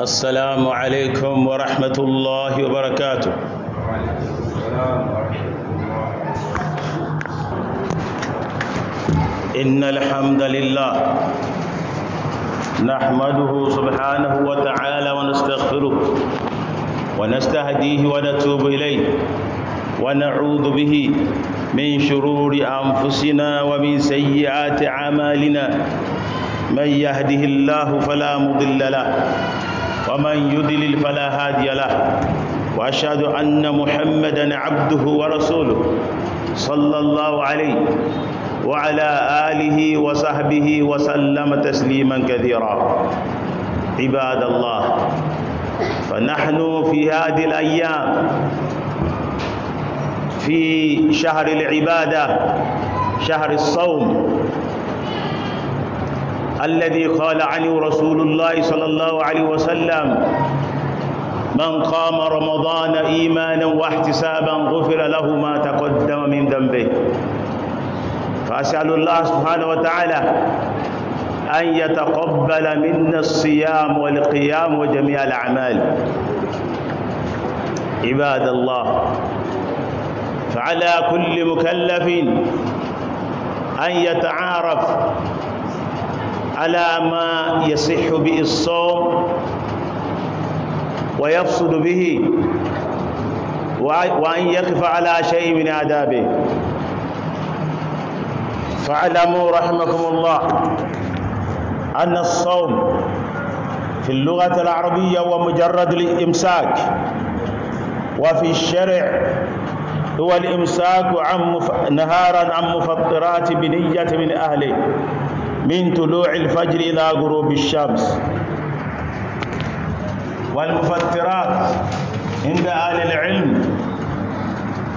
السلام عليكم ورحمة الله وبركاته إن الحمد لله نحمده سبحانه وتعالى ونستغفره ونستهديه ونتوب إليه ونعوذ به من شرور أنفسنا ومن سيئات أعمالنا من يهده الله فلا مضل له ومن يدلل فلا هادي له وأشهد أن محمدا عبده ورسوله صلى الله عليه وعلى آله وصحبه وسلم تسليما كثيرا عباد الله فنحن في هذه الأيام في شهر العبادة شهر الصوم الذي قال عنه رسول الله صلى الله عليه وسلم من قام رمضان إيمانا واحتسابا غفر له ما تقدم من ذنبه فأسأل الله سبحانه وتعالى أن يتقبل منا الصيام والقيام وجميع الأعمال عباد الله فعلى كل مكلف أن يتعارف على ما يصح به الصوم ويفسد به وأن يقف على شيء من آدابه فاعلموا رحمكم الله أن الصوم في اللغة العربية هو مجرد الإمساك وفي الشرع هو الإمساك عن نهارا عن مفطرات بنية من أهله من طلوع الفجر إلى غروب الشمس والمفطرات عند أهل العلم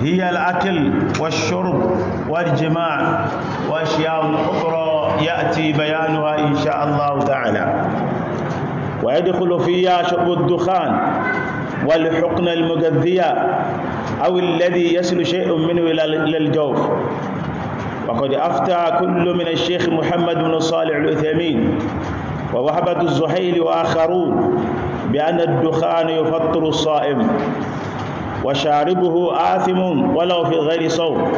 هي الأكل والشرب والجماع وأشياء أخرى يأتي بيانها إن شاء الله تعالى ويدخل فيها شرب الدخان والحقن المغذية أو الذي يصل شيء منه إلى الجوف وقد أفتى كل من الشيخ محمد بن صالح العثيمين ووهبة الزهيل وآخرون بأن الدخان يفطر الصائم وشاربه آثم ولو في غير صوم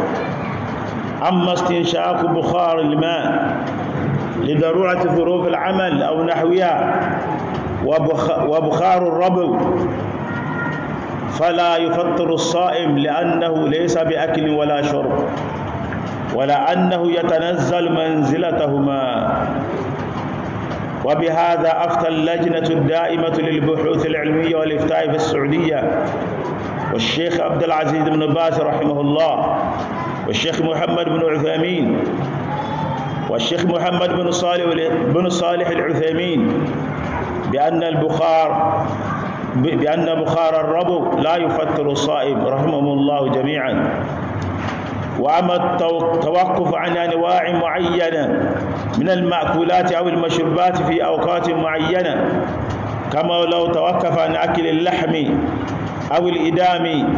أما استنشاق بخار الماء لضرورة ظروف العمل أو نحوها وبخار الربو فلا يفطر الصائم لأنه ليس بأكل ولا شرب ولا أنه يتنزل منزلتهما وبهذا أفتى اللجنة الدائمة للبحوث العلمية والإفتاء في السعودية والشيخ عبد العزيز بن باز رحمه الله والشيخ محمد بن عثيمين والشيخ محمد بن صالح بن صالح العثيمين بأن البخار بأن بخار الربو لا يفتر الصائب رحمهم الله جميعا وأما التوقف عن أنواع معينة من المأكولات أو المشروبات في أوقات معينة كما لو توقف عن أكل اللحم أو الإدام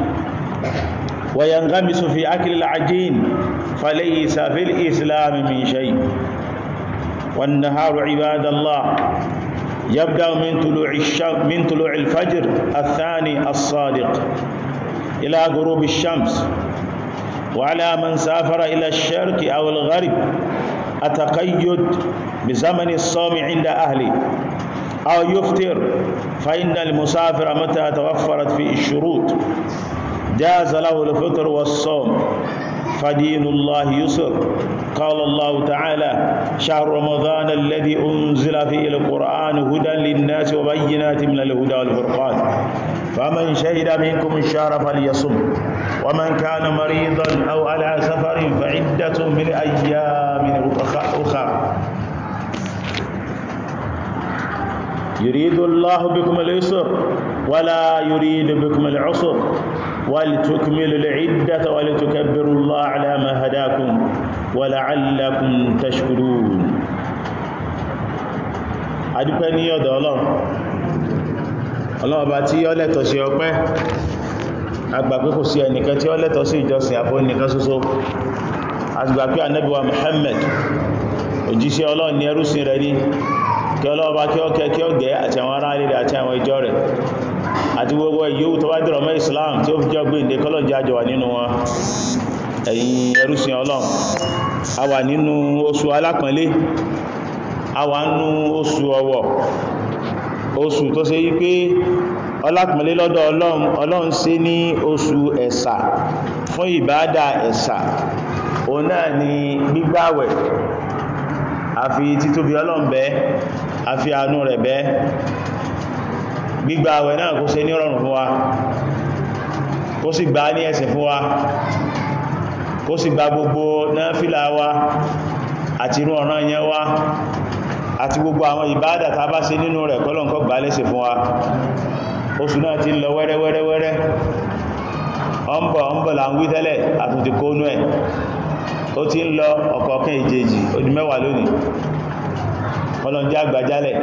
وينغمس في أكل العجين فليس في الإسلام من شيء والنهار عباد الله يبدأ من طلوع الشمس من طلوع الفجر الثاني الصادق إلى غروب الشمس وعلى من سافر إلى الشرق أو الغرب التقيد بزمن الصوم عند أهله أو يفطر فإن المسافر متى توفرت فيه الشروط جاز له الفطر والصوم فدين الله يسر قال الله تعالى شهر رمضان الذي أنزل فيه القرآن هدى للناس وبينات من الهدى والفرقان فمن شهد منكم الشهر فليصم ومن كان مريضا أو على سفر فعدة من أيام أخرى يريد الله بكم اليسر ولا يريد بكم العسر ولتكمل العدة ولتكبروا الله على ما هداكم ولعلكم تشكرون adúpẹ́ يا ọ̀dọ̀ الله ọlọ́run ọba tí ó agbà pé kò sí ẹnìkan tí ó lẹ́tọ̀ọ́ sí ìjọsìn àfọ́nìkan ṣoṣo àgbà pé ànábì wa Muhammad òjíṣẹ́ Ọlọ́run ni ẹrúsìn rẹ̀ ní kí ọlọ́ọ̀bá kí ó kẹ́ kí ó gẹ́ àti àwọn ará ilẹ̀ àti àwọn ìjọ rẹ̀ àti gbogbo ìyówù tó bá dìrọ̀ Islam tí ó fi jọ gbé ìdè kọ́lọ̀jì àjọ wà nínú wọn ẹ̀yin ẹrúsìn Ọlọ́run a wà nínú oṣù alápọ̀nlé a wà nínú oṣù ọ̀wọ̀ oṣù tó ṣe yí pé ọlápìnlẹ̀ lọ́dọ̀ ọlọ́run ọlọ́run ṣe ní oṣù ẹ̀sà fún ìbádà ẹ̀sà òun náà ni gbígbàwẹ̀ àfi títóbi ọlọ́run bẹ́ àfi àánú rẹ̀ bẹ́ gbígbàwẹ̀ náà kó ṣe ní rọrùn fún wa kó sì gbà ní ẹ̀sìn fún wa kó sì gba gbogbo náfílà wa àti irú ọ̀ràn yẹn wa àti gbogbo àwọn ìbádà tá bá ṣe nínú rẹ̀ kọ́lọ̀nkọ́ gbà lẹ́sìn fún wa oṣù náà ti lọ wẹ́rẹ́wẹ́rẹ́wẹ́rẹ́ ọmọ ọmọ là ń wí tẹ́lẹ̀ àtúntì kónú ẹ̀ ó ti ń lọ ọ̀kọ̀ọ̀kan ìjèjì odi mẹ́wàá lónìí ọlọ́njẹ́ àgbàjálẹ̀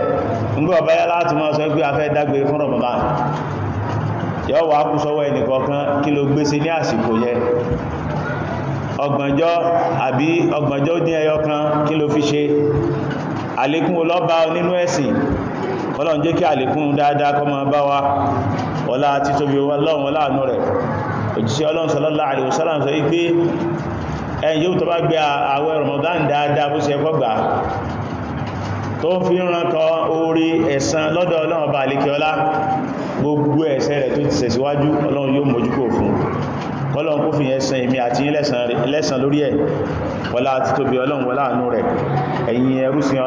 nígbà ọba yá láti mọ́ sọ pé a fẹ́ dágbére fún Ramadan yọ wà kú sọ́wọ́ ẹnìkọ̀ọ̀kan kí ló gbéṣe ní àsìkò yẹ ọgbọ̀njọ́ àbí ọgbọ̀njọ́ dín ẹyọ kan kí ló fi ṣe àlékún ọlọ́ba nínú ẹ̀sìn ọlọ́run jẹ́ kí àlékún dáadáa kó máa bá wa ọlá àti tóbi ọlọ́run láàánú rẹ̀ òjíṣẹ́ ọlọ́run sallallahu alaihi wasallam sọ wípé ẹni yóò tó bá gbé àwẹ̀ Ramadan dáadáa bó ṣe kọ́gbà tó ń fi ràn kan orí ẹ̀san lọ́dọ̀ ọlọ́run bá àlékẹ́ ọlá gbogbo ẹ̀ṣẹ̀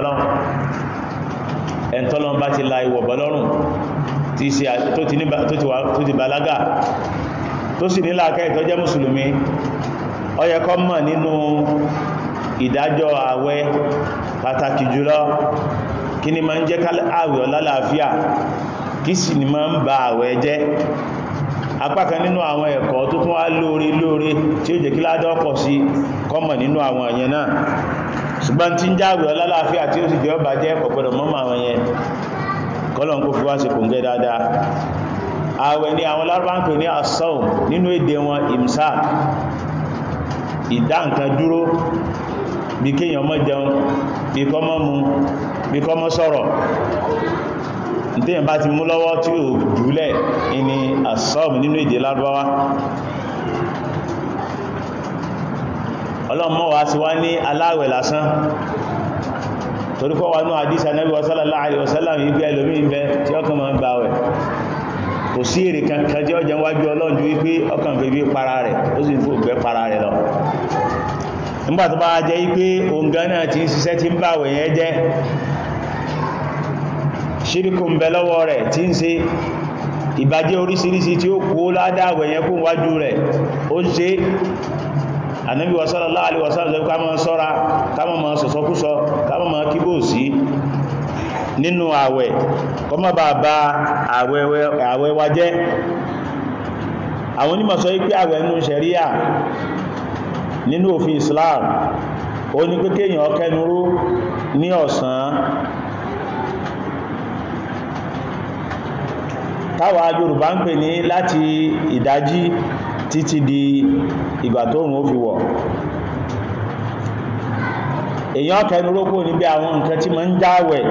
rẹ̀ ẹ̀ ẹ̀ntọ́lọ́n bá ti la ìwọ̀ bọ́lọ́rùn tó ti bàlágà tó sì nílá akẹ́ tó jẹ́ mùsùlùmí ó yẹ kó mọ̀ nínú ìdájọ́ ààwẹ̀ pàtàkì jùlọ kí ni máa ń jẹ́ ààwẹ̀ ọlálàáfíà kí sì ni máa ń ba ààwẹ̀ jẹ́ apákan nínú àwọn ẹ̀kọ́ tó tún wá lóore lóore tí ó jẹ́ kí ládọ́ pọ̀ sí kọ́mọ̀ nínú àwọn ẹ̀yẹn náà ṣùgbọ́n tí ń jáwẹ̀ ọlálàáfíà tí ó sì jẹ́ ọba jẹ́ ọ̀pọ̀lọ̀ mọ́mọ̀ àwọn yẹn kọ́lọ̀n kó fi wá sí kòǹgẹ́ dáadáa ààwẹ̀ ni àwọn lárúbáńkò ní asọ́ùn nínú èdè wọn imsa ìdá nǹkan dúró bí kéèyàn mọ́ jẹun bí kọ́ mọ́ mu bí kọ́ mọ́ sọ̀rọ̀ nítèyàn bá ti mú lọ́wọ́ tí ò jùlẹ̀ ní asọ́ùn nínú èdè lárúbáwá ọlọ́mọ wa sí wá ní aláwẹ̀ lásán torípọ̀ wà ní àdísà Ànábì sallallahu alaihi wasallam yìí bí ẹlòmí ìbẹ tí ọkàn máa ń gba àwẹ̀ kò sí èrè kankan jẹ́ ọjà wájú Ọlọ́run ju wípé ọkàn fi bí para rẹ̀ ó sì fò gbẹ́ para rẹ̀ lọ nígbà tó tí ń bá ó kú yẹn kún wájú rẹ̀ ó ń ṣe ànábì sallallahu alaihi wasallam sọ káàmọ́ sọ́ra káàmọ́ mọ́ sọ̀sọ́kúsọ káàmọ́ mọ́ kíbò sí nínú àwẹ̀ kọ́mọ́ bá bá àwẹ̀ wa jẹ́ àwọn onímọ̀ sọ wípé àwẹ̀ nínú ṣẹ̀ríà nínú òfin Islam ó ní pé kéèyàn ọkẹnuró ní ọ̀sán táwa Yorùbá ń pè ní láti ìdájí títí di ìgbà tó rùn fi wọ̀ èyàn kẹnu rógbò níbi àwọn nǹkan tí ma ń jáwẹ̀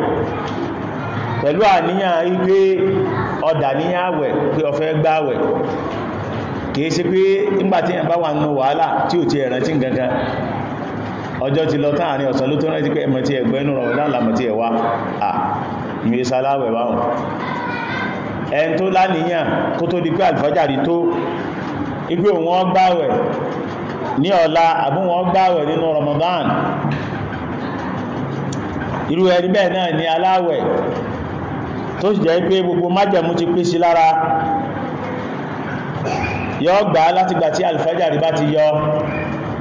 pẹ̀lú àníyàn wípé ọdà níyà wẹ̀ pé ọfẹ́ gbáwẹ̀ kìí sí pé nígbàtí wà nínú wàhálà tí ò ti ẹ̀rántí ọjọ́ ti lọ ọ̀sán ló tó rántí pé inú tó láníyàn kó tó di pé igbó wọn gbáwẹ̀ ní ọ̀la àbú wọn gbáwẹ̀ nínú Ramadan irú ẹni bẹ́ẹ̀ náà ni aláwẹ̀ tó sì jẹ́ pé gbogbo májẹ̀mú ti pé sí lára yọ gbà láti gbà tí alfajari bá ti yọ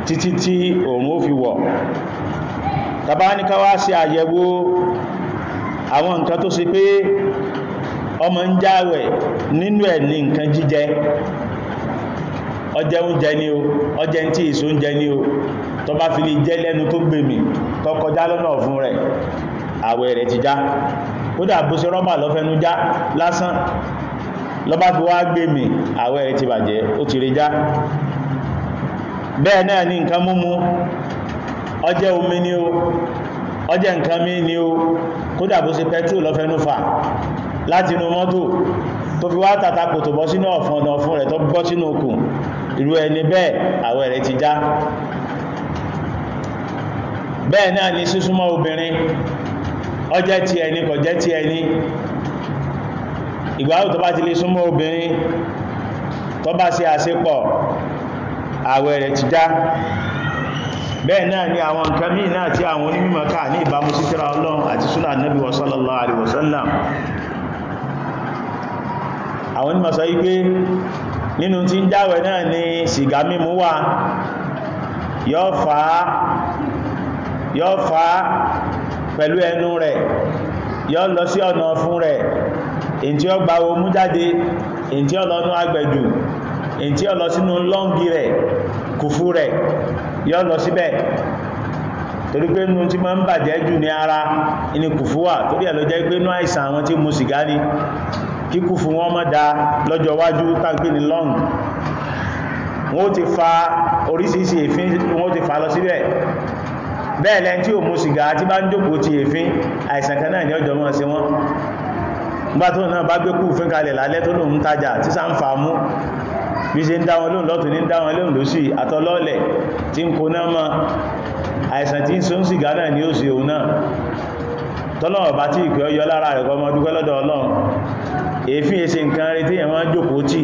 títí tí òun ó fi wọ̀ tàbá ní ká wá sí àyẹ̀wò àwọn nǹkan tó ṣe pé ọmọ ń jáwẹ̀ nínú ẹ̀ ní nǹkan jíjẹ ọjẹ́ oúnjẹ ní o ọjẹ́ tí èso oúnjẹ ní o tó bá fi lè jẹ́ lẹ́nu tó gbèmì tó kọjá lọ́nà ọ̀fun rẹ̀ àwẹ̀ rẹ̀ ti já kódà bó ṣe rọ́mà lọ́fẹ́nu já lásán lọ bá fi wá gbèmì àwẹ̀ rẹ̀ ti bàjẹ́ ó ti rẹ̀ já bẹ́ẹ̀ náà ni nǹkan múmu ọjẹ́ omi ní o ọjẹ́ nǹkan mí ní o kódà bó ṣe pẹ́trù lọ́fẹ́nu fà láti mọ́tò tó fi wá tàtàkò tó bọ́ sínú ọ̀fún ọ̀nà ọ̀fún rẹ̀ tó bọ́ sínú okùn irú ẹni bẹ́ẹ̀ àwẹ̀ rẹ̀ ti já bẹ́ẹ̀ náà ni sísúnmọ́ obìnrin ọjẹ́ ti ẹni kò jẹ́ ti ẹni ìgbàwó tó bá ti lè súnmọ́ obìnrin tó bá ṣe àṣepọ̀ àwẹ̀ rẹ̀ ti já bẹ́ẹ̀ náà ni àwọn nǹkan míì náà tí àwọn onímọ̀ ká ní ìbámu sí tírà Ọlọ́run àti súnà Nábì sallallahu alaihi àwọn onímọ̀ sọ wípé nínú tí ń jáwẹ̀ náà ni sìgá mímú wà yóò fà á yóò fà á pẹ̀lú ẹnu rẹ̀ yóò lọ sí ọ̀nà fún rẹ̀ èyí tí ó gba omú jáde èyí tí ó lọ ní agbẹ̀jù èyí tí ó lọ sínú lọ́ngì rẹ̀ kùfú rẹ̀ yóò lọ síbẹ̀ torí pé nínú tí máa ń bàjẹ́ jù ní ara ní kùfú wà torí ẹ̀ ló jẹ́ pé nú àìsàn àwọn tí mu sìgá ni kíkú fún wọn mọ́ da lọ́jọ́ wájú tàbí long wọ́n ti fa oríṣiríṣi èéfín wọ́n ti fa lọ síbẹ̀ bẹ́ẹ̀ lẹ́n tí ò mú sìgá tí bá ń jókòó ti èéfín àìsàn kan náà ní ọjọ́ mọ́ sí wọn nígbà tó náà bá gbé kú fín kalẹ̀ lálẹ́ tó lòun tajà tí sá ń fa mú bí ṣe ń dá wọn lóhùn lọ́tún ní dá wọn lóhùn lóṣì àtọlọ́ọ̀lẹ̀ tí ń kó mọ́ àìsàn tí ń sún sìgá náà ní òsì òun náà tọ́lọ́wọ̀ tí ìpẹ́ ọyọ́ lára rẹ̀ kọ́ ọmọ dúpẹ́ lọ́dọ̀ Ọlọ́run èéfín èsè nǹkan rí tí ẹ̀mọ́ jòkó tí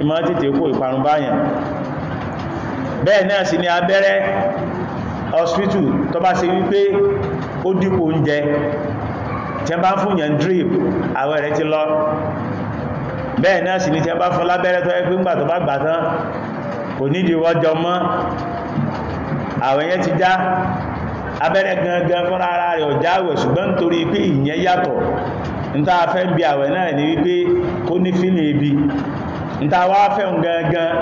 ìmọ́ tètè kó ìparun báyàn bẹ́ẹ̀ náà sì ni abẹ́rẹ́ hospital tó bá ṣe wípé ó dípò oúnjẹ tí bá ń fún yàn drip àwẹ̀ rẹ̀ ti lọ bẹ́ẹ̀ náà sì ni tí bá fún lábẹ́rẹ́ tó yẹ pé ńgbà tó bá gbà tán kò nídìí wọ́jọ mọ́ àwẹ̀ yẹn ti já abẹ́rẹ́ gangan fúnra ara rẹ̀ ọ̀já àwẹ̀ ṣùgbọ́n nítorí pé ìyẹn yàtọ̀ níta fẹ́ bí àwẹ̀ náà ní wípé kó ní fílì ibi níta wá fẹ́ ń gangan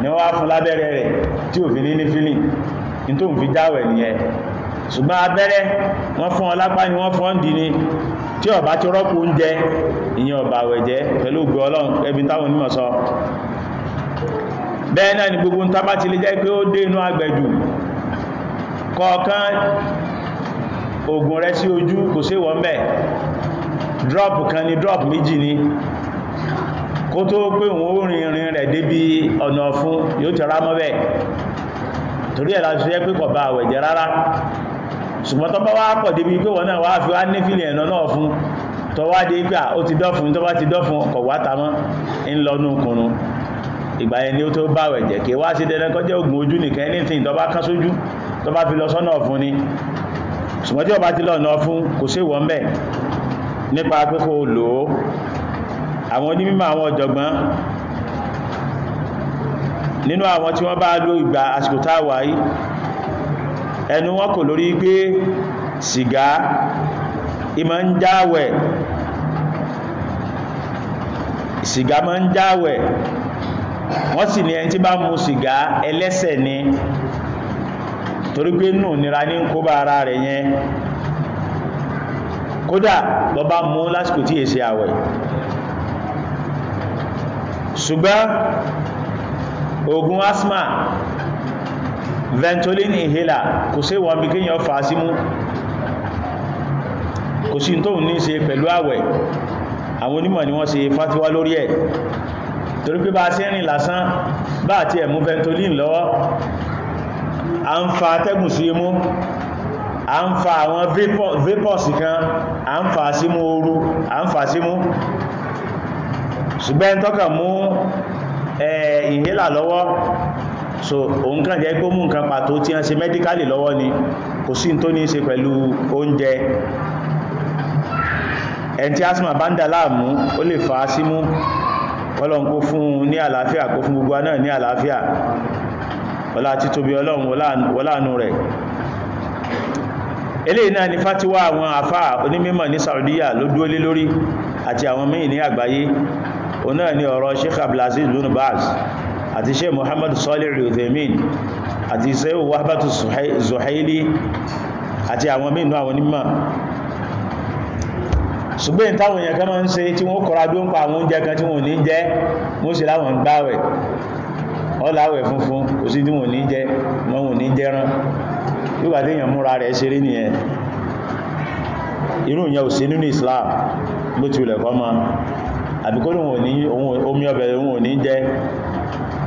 ni wọ́n wá fún lábẹ́rẹ́ rẹ̀ tí ò fi ní ní fílì nítorí òun fi jáwẹ̀ nìyẹn ṣùgbọ́n abẹ́rẹ́ wọ́n fún ọ lápá ni wọ́n fún ọ́ndì ni tí ọba ti rọ́pò oúnjẹ ìyẹn ọba àwẹ̀jẹ́ pẹ̀lú ògbé ọlọ́run ẹbí táwọn onímọ̀ sọ bẹ́ẹ̀ náà ni gbogbo ń tábà ti lè jẹ́ pé ó dé inú agbẹ̀jù kọ̀ọ̀kan oògùn rẹ sí ojú kò sí wọ́n bẹ́ẹ̀ drop kan ni drop méjì ni kó tó pé òun ó rin rin rẹ̀ débi ọ̀nà ọ̀fun yóò ti rá mọ́bẹ̀ torí ẹ̀ láti fẹ́ pé kò bá àwẹ̀ jẹ́ rárá ṣùgbọ́n tó bá wá pọ̀ débi pé wọ́n náà wá fi wá ní fílì ẹ̀nà náà fún tó wá dé gbà ó ti dọ́fun tó bá ti dọ́fun ọkọ̀ wá ta mọ́ ń lọ ní okùnrùn ìgbà yẹn ni ó tó bá àwẹ̀ jẹ́ kí wá sí dandan kó jẹ́ oògùn ojú nìkan anything tó bá kán sójú tó bá fi lọ sọ́nà ọ̀fun ni ṣùgbọ́n tí ó bá ti lọ ọ̀fun kò sí bẹ́ẹ̀ nípa pípò lò ó àwọn onímọ̀ àwọn ọ̀jọ̀gbọ́n nínú àwọn tí wọ́n bá lò ìgbà àsìkò táwà yìí ẹnu wọn kò lórí pé sìgá ìmọ̀ ń jáwẹ̀ sìgá máa ń jáwẹ̀ wọ́n sì ní ẹni tí bá mu sìgá ẹlẹ́ṣẹ̀ ni torí pé nù nira ní ń kó bá ara rẹ̀ yẹn kódà bọ́bá mú lásìkò tí èsì àwẹ̀ ṣùgbọ́n oògùn asthma ventolin inhaler kò sí wọn bí kíyàn fà sí mú kò sí tóhun ní ṣe pẹ̀lú àwẹ̀ àwọn onímọ̀ ni wọ́n ṣe fatiwa lórí ẹ̀ torí pé bá sí ẹ̀rìn lásán bá àti ẹ̀mú ventolin lọ́wọ́ à ń fa atẹ́gùn sí imú a ń fa àwọn vapors kan a ń fa símú ooru a ń fa símú ṣùgbọ́n tọ́kàn mú ìhélà lọ́wọ́ so òun kàn jẹ́ pé mú nǹkan pàtó tí wọ́n ṣe mẹ́díkálì lọ́wọ́ ni kò sí tó ní ṣe pẹ̀lú oúnjẹ ẹni tí asma bá ń dà láàmú ó lè fa símú ọlọ́run kó fún un ní àlàáfíà kó fún gbogbo náà ní àlàáfíà ọlá títóbi ọlọ́run wọláàánú rẹ̀ eléyìí náà ni fatiwa àwọn àfá onímọ̀ ní Saudiya ló dúó lé lórí àti àwọn míì ní àgbáyé òun náà ni ọ̀rọ̀ Sheikh Abdulaziz bin Baz àti Sheikh Muhammad Salih Al-Uthaymin àti Sheikh Wahbatu Zuhaili àti àwọn míì nú àwọn onímọ̀ ṣùgbọ́n táwọn èèyàn kan máa ń ṣe tí wọ́n kọ́ra bí ó ń pa àwọn oúnjẹ kan tí wọ́n ní jẹ wọ́n sì láwọn ń gbáwẹ̀ ọláwẹ̀ funfun kò sí tí wọ́n ní jẹ wọ́n wọ́n ní jẹran nígbà tí èèyàn múra rẹ̀ ṣeré nìyẹn irú ìyẹn ò sí nínú Islam ló ti wùlẹ̀ kọ́ ma àbí kó lóun ò ní omi ọbẹ̀ lóun ò ní jẹ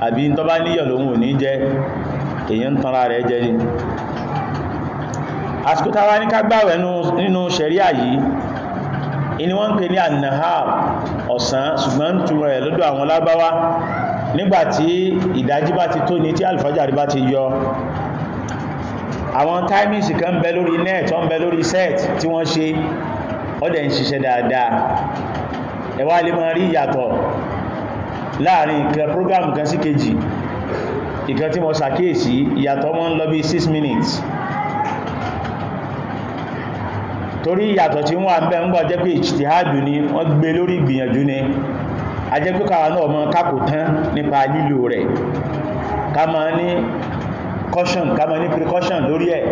àbí tó bá níyọ̀ lóun ò ní jẹ tanra rẹ̀ jẹ ni àsìkò táwa ní ká gbàwẹ̀ nínú ṣẹ̀ríà yìí ìní wọ́n ń pè ní annahar ọ̀sán ṣùgbọ́n túnmọ̀ rẹ̀ lọ́dọ̀ àwọn lábáwá nígbàtí ìdájí bá ti tó ní tí alfajari bá ti yọ àwọn timings kan bẹ lórí net wọ́n bẹ lórí set tí wọ́n ṣe ọdẹ̀ ń ṣiṣẹ́ dáadáa ẹ wá lè máa rí ìyàtọ̀ láàrin ìkan program kan sí kejì ìkan tí mo ṣàkíyèsí ìyàtọ̀ mọ́ ń lọ bí 6 minutes torí ìyàtọ̀ tí wọ́n bẹ́ ń gbọ́ jẹ́ pé ìjtihádù ni wọ́n gbé lórí ìgbìyànjú ni a jẹ́ pé káwa náà mọ́ kákò tán nípa lílò rẹ̀ ká máa ní precaution ká máa ní precaution lórí ẹ̀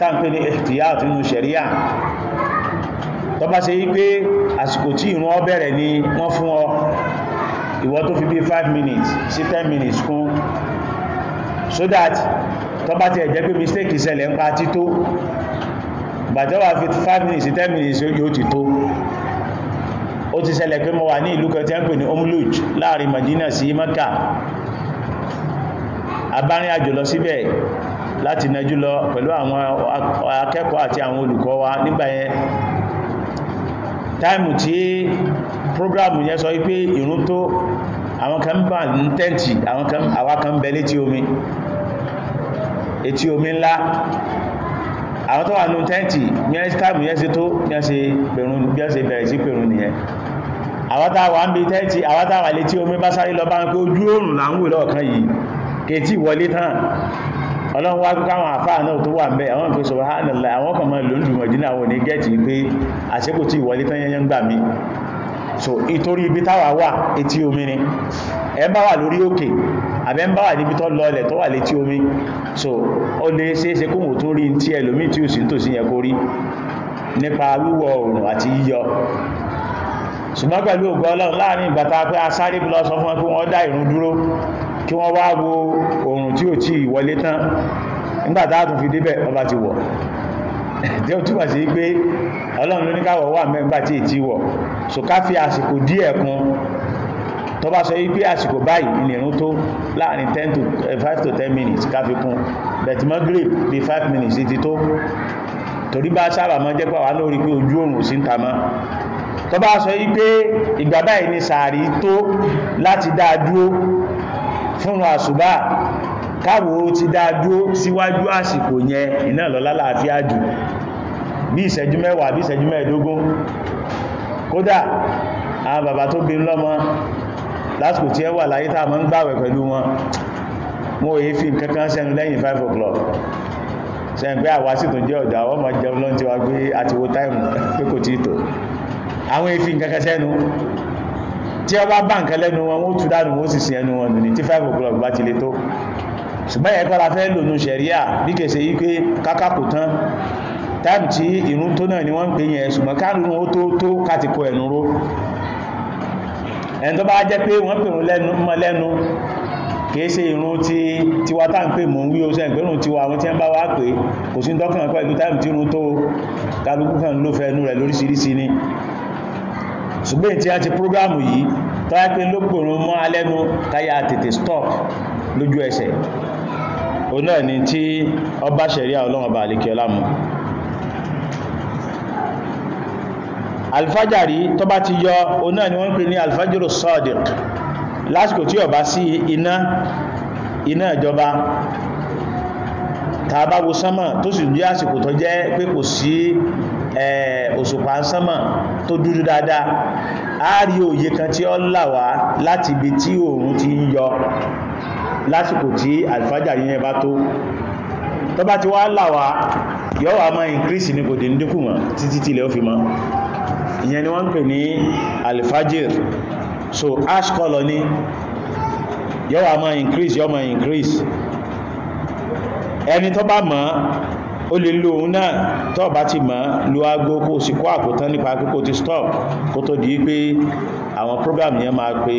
tá ń pè ní ihtiyat nínú ṣẹ̀ríà tó bá ṣe yí pé àsìkò tí ìrun ọ bẹ̀rẹ̀ ni wọ́n fún ọ ìwọ tó fi bí 5 minutes sí 10 minutes kún so that tó bá ti ẹ̀jẹ́ pé mistake ìṣẹ̀lẹ̀ ń pa tító bàtẹ́wà fi 5 minutes sí 10 minutes yóò ti tó ó ti ṣẹlẹ̀ pé mo wà ní ìlú kan tí wọ́n ń pè ní omluj láàrin Madina sí Mẹ́kà abárin àjò lọ síbẹ̀ láti nájú lọ pẹ̀lú àwọn akẹ́kọ̀ọ́ àti àwọn olùkọ́ wa nígbà yẹn táìmù tí prógrámù yẹn sọ wípé ìrun tó àwọn kan bá ń tẹ́ǹtì àwa kan bẹ létí omi etí omi ńlá àwọn tó wà ní tẹ́ǹtì nearest time yẹn ṣe tó bí wọ́n ṣe bẹ̀rẹ̀ sí pẹ̀rún nìyẹn àwọn táwà ń bí tẹ́ǹtì àwọn táwà létí omi bá sáré lọ bá ń pé ojú oòrùn là ń wò lọ́ọ̀kan yìí kètí wọlé tán ọlọ́run wá káwọn àfáà náà tó wà ń bẹ àwọn ìpèsè wàhálà àwọn kan máa lòún dùn mọ̀dínà ní gẹ́ẹ̀tì pé àṣẹ́kù tí ìwọlé tán yẹn gbà mí so ìtorí ibi táwa wà etí omi ni ẹ bá wà lórí òkè àbẹ́ ń bá wà níbi tó lọlẹ̀ tó wà létí omi so ó lè ṣeéṣe kóhùn tó rí tí ẹlòmíì tí ò sí tòsí yẹn kó rí nípa wíwọ̀ oòrùn àti yíyọ ṣùgbọ́n pẹ̀lú ògbọ́ ọlọ́run láàrin ìgbà tá a pé a sáré lọ sọ fún wọn pé wọ́n dá ìrun dúró kí wọ́n wá wo oòrùn tí ò tí ìwọlé tán nígbàtá tún fi débẹ̀ ọba ti wọ̀ tí ó túnmọ̀ sí pé ọlọ́run ló ní káwọ̀ wà mẹ́gbà tí ètí wọ̀ so ká fi àsìkò díẹ̀ kún tó bá sọ wípé àsìkò báyìí ìlérún tó láàrin 10 to 5 eh, to 10 minutes ká fi kún bẹ̀tìmọ́ grape bí 5 minutes ti tó torí bá sábà mọ́ jẹ́pọ̀ wà lórí pé ojú oòrùn sí ń ta mọ́ tó bá sọ wípé ìgbà báyìí ni sàárì tó láti dáa dúró fúnrun àṣùbá káwò ti dáadúó síwájú àsìkò yẹn iná lọ́lá láàfíà jù bí ìṣẹ́jú mẹ́wàá bí ìṣẹ́jú mẹ́ẹ̀dógún kódà àwọn bàbá tó bí lọ́mọ lásìkò tí ẹ wà láyé tá a máa ń gbàwẹ̀ pẹ̀lú wọn wọn ò fi nǹkan sẹ́nu lẹ́yìn 5 o'clock sẹ́yìn pé àwa sì tún jẹ́ ọ̀dọ́ àwọn ọmọ jẹun lọ́n ti wá gbé àtiwó táìmù pé kò tí ì àwọn èéfì nǹkan kan sẹ́nu tí wọ́n bá bá nǹkan lẹ́nu wọn wọ́n tú dànù wọ́n sì sin ẹnu wọn nìní tí 5 o'clock bá ti lè tó ṣùgbọ́n ẹ̀yẹ́ kọ́ra fẹ́ lònú ṣẹ̀ríà bí kèsè yí pé kákàkù tán táìmù tí ìrun tó náà ni wọ́n ń pè yẹn ṣùgbọ́n kárùn ó tó tó káti kó ẹ̀nu ró ẹni tó bá jẹ́ pé wọ́n pèrún lẹ́nu mọ́ lẹ́nu kìí ṣe tí tiwa tá ń pè mọ̀ wí oṣù ẹ̀gbẹ́rún tiwa àwọn tí ń bá wá pé kò sí dọ́kàn pẹ̀lú táìmù tí ìrun tó kálukú kan ló fẹ́ ẹnu rẹ̀ lóríṣiríṣi ni ṣùgbọ́n tí a ti prógámù yìí tọ́yá pé lókùnrin mọ́ alẹ́nu káyà tètè stop lójú ẹsẹ̀ o náà ni tí ọba ṣẹ̀ríà ọlọ́run ọba alfajari tó bá ti ni wọ́n ń pè ní alfajiru sadiq lásìkò tí ó bá sí iná iná ìjọba tàbá wo sánmà tó sì jẹ́ àsìkò tó jẹ́ pé kò sí òṣùpá sánmà tó dúdú dáadáa a rí òye kan tí ó là wá láti ibi tí oòrùn ti ń yọ lásìkò tí àlùfájà yẹn bá tó tó bá ti wá là wá yọ́ wà máa increase ní kò dé ní títí tí ilẹ̀ ó fi mọ́ ìyẹn ni wọ́n ń pè ní alifajir so ash color ni yọ́ wà máa increase yọ́ máa increase ẹni tó bá mọ̀ ó lè lo òun náà tó bá ti mọ̀ lo aago kó sì kó àkótán nípa kókó ti stop kó tó di pé àwọn program yẹn máa pe